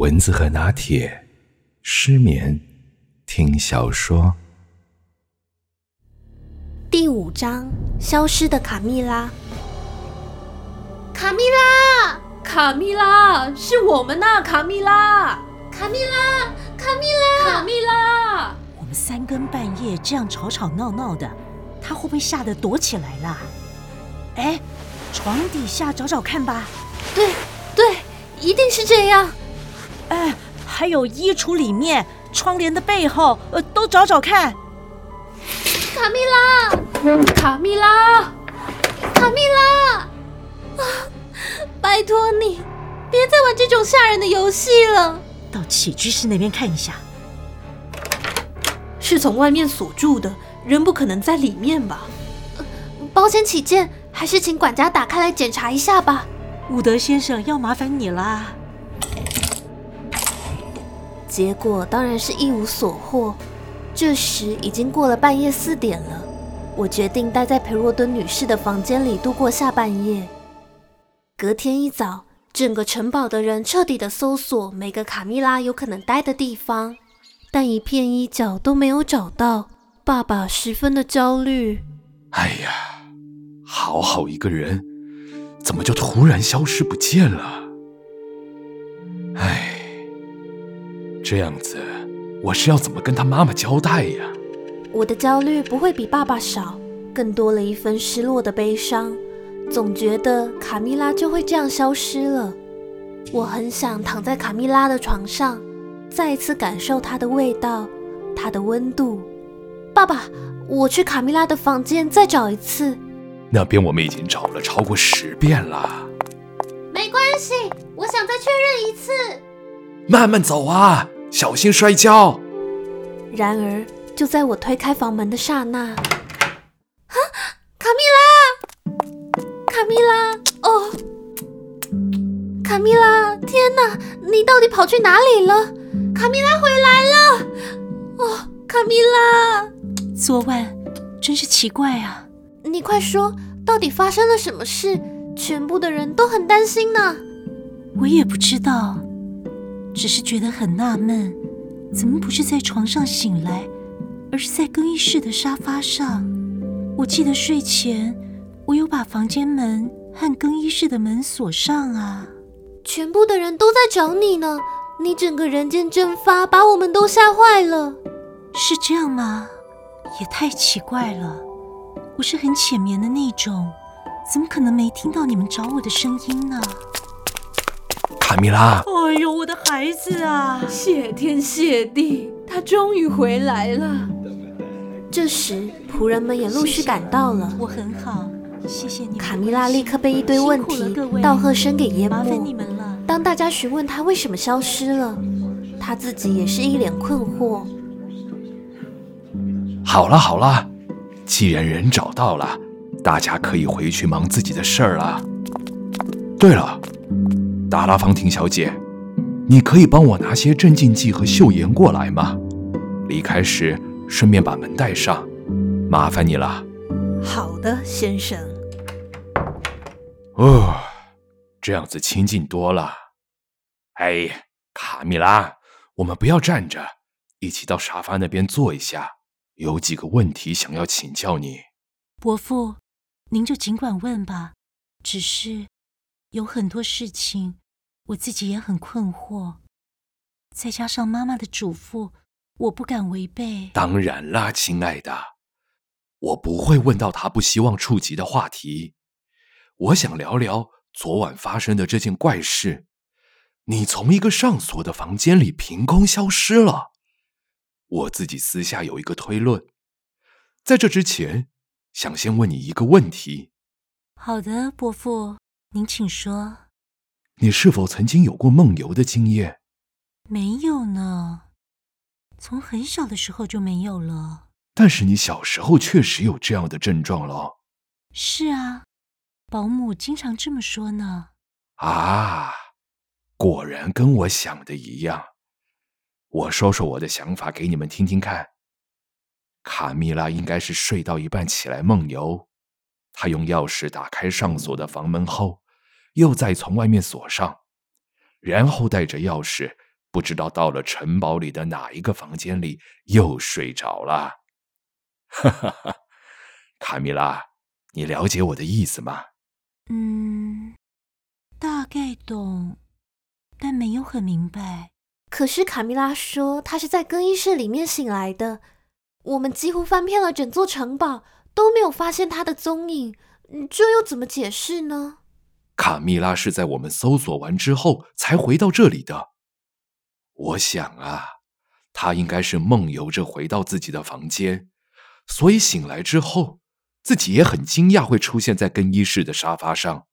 蚊子和拿鐵，失眠聽小說。第五章：消失的卡蜜拉。卡蜜拉，卡蜜拉，是我們吶啊！卡蜜拉，卡蜜拉，卡蜜拉，卡蜜拉。我們三更半夜這樣吵吵鬧鬧鬧的，他會不會嚇得躲起來啦？哎，床底下找找看吧。對，對，一定是這樣。哎，還有衣櫥裡面、窗簾的背後，呃，都找找看。卡蜜拉，卡蜜拉，卡蜜拉，啊，拜託你，別再玩這種嚇人的遊戲了。到起居室那邊看一下，是從外面鎖住的，人不可能在裡面吧？呃，保險起見，還是請管家打開來檢查一下吧。伍德先生要麻煩你啦。結果當然是一無所獲。這時已經過了半夜四點了，我決定待在裴若敦女士的房間裡度過下半夜。隔天一早，整個城堡的人徹底的搜索每個卡蜜拉有可能待的地方，但一片衣角都沒有找到。爸爸十分的焦慮。哎呀，好好一個人，怎麼就突然消失不見了？這樣子，我是要怎麼跟他媽媽交代呀？我的焦慮不會比爸爸少，更多了一分失落的悲傷。總覺得卡蜜拉就會這樣消失了。我很想躺在卡蜜拉的床上，再一次感受她的味道，她的溫度。爸爸，我去卡蜜拉的房間再找一次。那邊我們已經找了超過十遍了。沒關係，我想再確認一次。慢慢走啊。小心摔跤！然而，就在我推開房門的剎那，哈，卡蜜拉，卡蜜拉，哦，卡蜜拉，天哪，你到底跑去哪裡了？卡蜜拉回來了！哦，卡蜜拉，昨晚真是奇怪啊！你快說，到底發生了什麼事？全部的人都很擔心呢。我也不知道。只是覺得很納悶，怎麼不是在床上醒來，而是在更衣室的沙發上？我記得睡前，我有把房間門和更衣室的門鎖上啊。全部的人都在找你呢，你整個人間蒸發，把我們都嚇壞了。是這樣嗎？也太奇怪了，我是很淺眠的那種，怎麼可能沒聽到你們找我的聲音呢？卡蜜拉，哎呦，我的孩子啊！謝天謝地，她終於回來了。這時，僕人們也陸續趕到了謝謝。我很好，謝謝你。卡蜜拉立刻被一堆問題、道賀聲給淹沒。麻煩你們了。當大家詢問她為什麼消失了，她自己也是一臉困惑。好了好了，既然人找到了，大家可以回去忙自己的事兒了。對了。達拉芳婷小姐，你可以幫我拿些鎮靜劑和溴鹽過來嗎？離開時順便把門帶上，麻煩你了。好的，先生。哦，這樣子清靜多了。哎，卡蜜拉，我們不要站着，一起到沙發那邊坐一下。有幾個問題想要請教你。伯父，您就儘管問吧。只是。有很多事情，我自己也很困惑。再加上媽媽的囑咐，我不敢違背。當然啦，親愛的，我不會問到他不希望觸及的話題。我想聊聊昨晚發生的這件怪事。你從一個上鎖的房間裡憑空消失了。我自己私下有一個推論。在這之前，想先問你一個問題。好的，伯父。您請說。你是否曾經有過夢遊的經驗？沒有呢，從很小的時候就沒有了。但是你小時候確實有這樣的症狀了。是啊，保姆經常這麼說呢。啊，果然跟我想的一樣，我說說我的想法給你們聽聽看。卡蜜拉應該是睡到一半起來夢遊。他用鑰匙打開上鎖的房門後，又再從外面鎖上，然後帶着鑰匙，不知道到了城堡裡的哪一個房間裡又睡着了。哈哈哈！卡米拉，你了解我的意思嗎？嗯，大概懂，但沒有很明白。可是卡米拉說，她是在更衣室裡面醒來的。我們幾乎翻遍了整座城堡。都沒有發現他的蹤影，這又怎麼解釋呢？卡蜜拉是在我們搜索完之後才回到這裡的。我想啊，他應該是夢遊着回到自己的房間，所以醒來之後，自己也很驚訝會出現在更衣室的沙發上。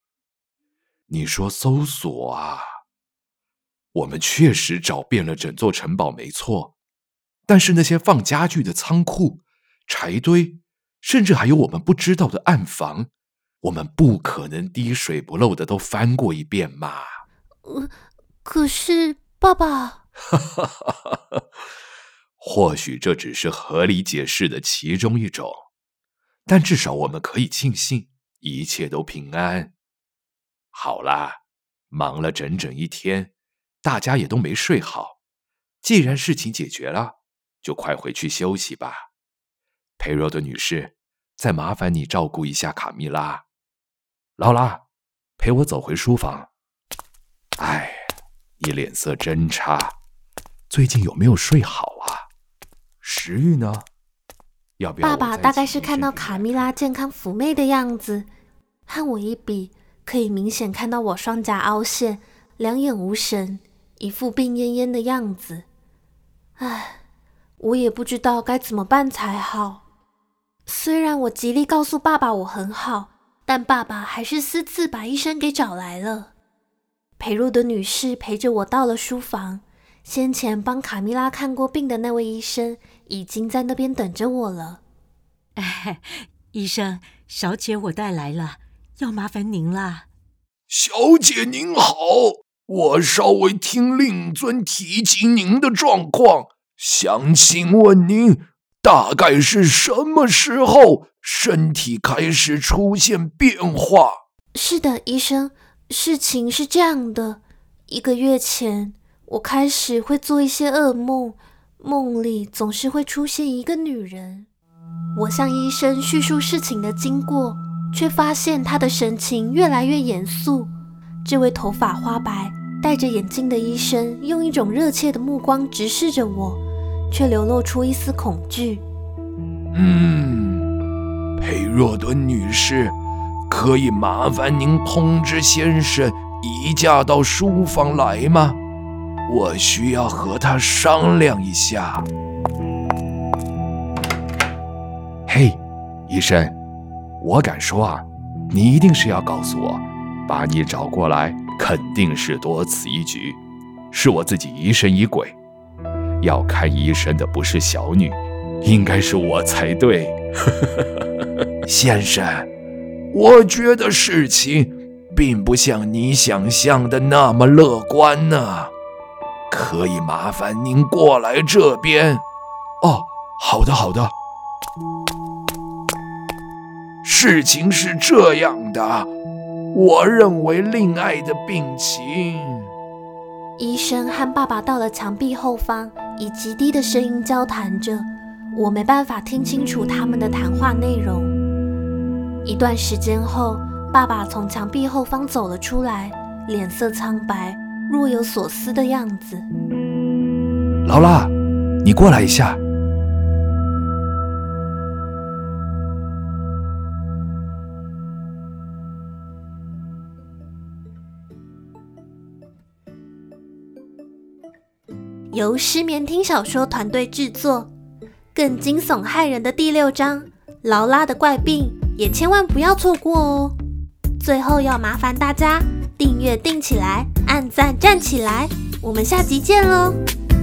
你說搜索啊，我們確實找遍了整座城堡，沒錯，但是那些放家具的倉庫、柴堆，甚至還有我們不知道的暗房，我們不可能滴水不漏的都翻過一遍嘛。呃，可是爸爸， 或許這只是合理解釋的其中一種，但至少我們可以慶幸一切都平安。好啦，忙了整整一天，大家也都沒睡好。既然事情解決了，就快回去休息吧，裴若敦女士。再麻煩你照顧一下卡蜜拉。勞拉，陪我走回書房。哎，你臉色真差，最近有沒有睡好啊？食欲呢？要不要？爸爸大概是看到卡蜜拉健康嫵媚的樣子，和我一比，可以明顯看到我雙頰凹陷，兩眼無神，一副病懨懨的樣子。哎，我也不知道該怎麼辦才好。雖然我極力告訴爸爸我很好，但爸爸還是私自把醫生給找來了。裴若敦女士陪着我到了書房，先前幫卡蜜拉看過病的那位醫生已經在那邊等着我了。哎，醫生，小姐我帶來了，要麻煩您了。小姐您好，我稍微聽令尊提及您的狀況，想請問您，大概是什麼時候，身體開始出現變化？是的，醫生。事情是這樣的：一個月前，我開始會做一些噩夢，夢裡總是會出現一個女人。我向醫生敘述事情的經過，却發現她的神情越來越嚴肅。這位頭髮花白、戴着眼鏡的醫生，用一種熱切的目光直視着我。卻流露出一絲恐懼。嗯，裴若敦女士，可以麻煩您通知先生移駕到書房來嗎？我需要和他商量一下。嘿，醫生，我敢說啊，你一定是要告訴我，把你找過來肯定是多此一舉，是我自己疑神疑鬼。要看醫生的不是小女，應該是我才對， 先生，我覺得事情並不像你想象的那麼樂觀呢、啊。可以麻煩您過來這邊。哦，好的好的。事情是這樣的，我認為令愛的病情。醫生和爸爸到了牆壁後方。以極低的聲音交談着，我沒辦法聽清楚他們的談話內容。一段時間後，爸爸從牆壁後方走了出來，臉色蒼白，若有所思的樣子。勞拉，你過來一下。由失眠聽小說團隊制作，更驚悚駭人的第六章《勞拉的怪病》也千萬不要錯過哦！最後要麻煩大家訂閱訂起來，按讚讚起來，我們下集見嘍！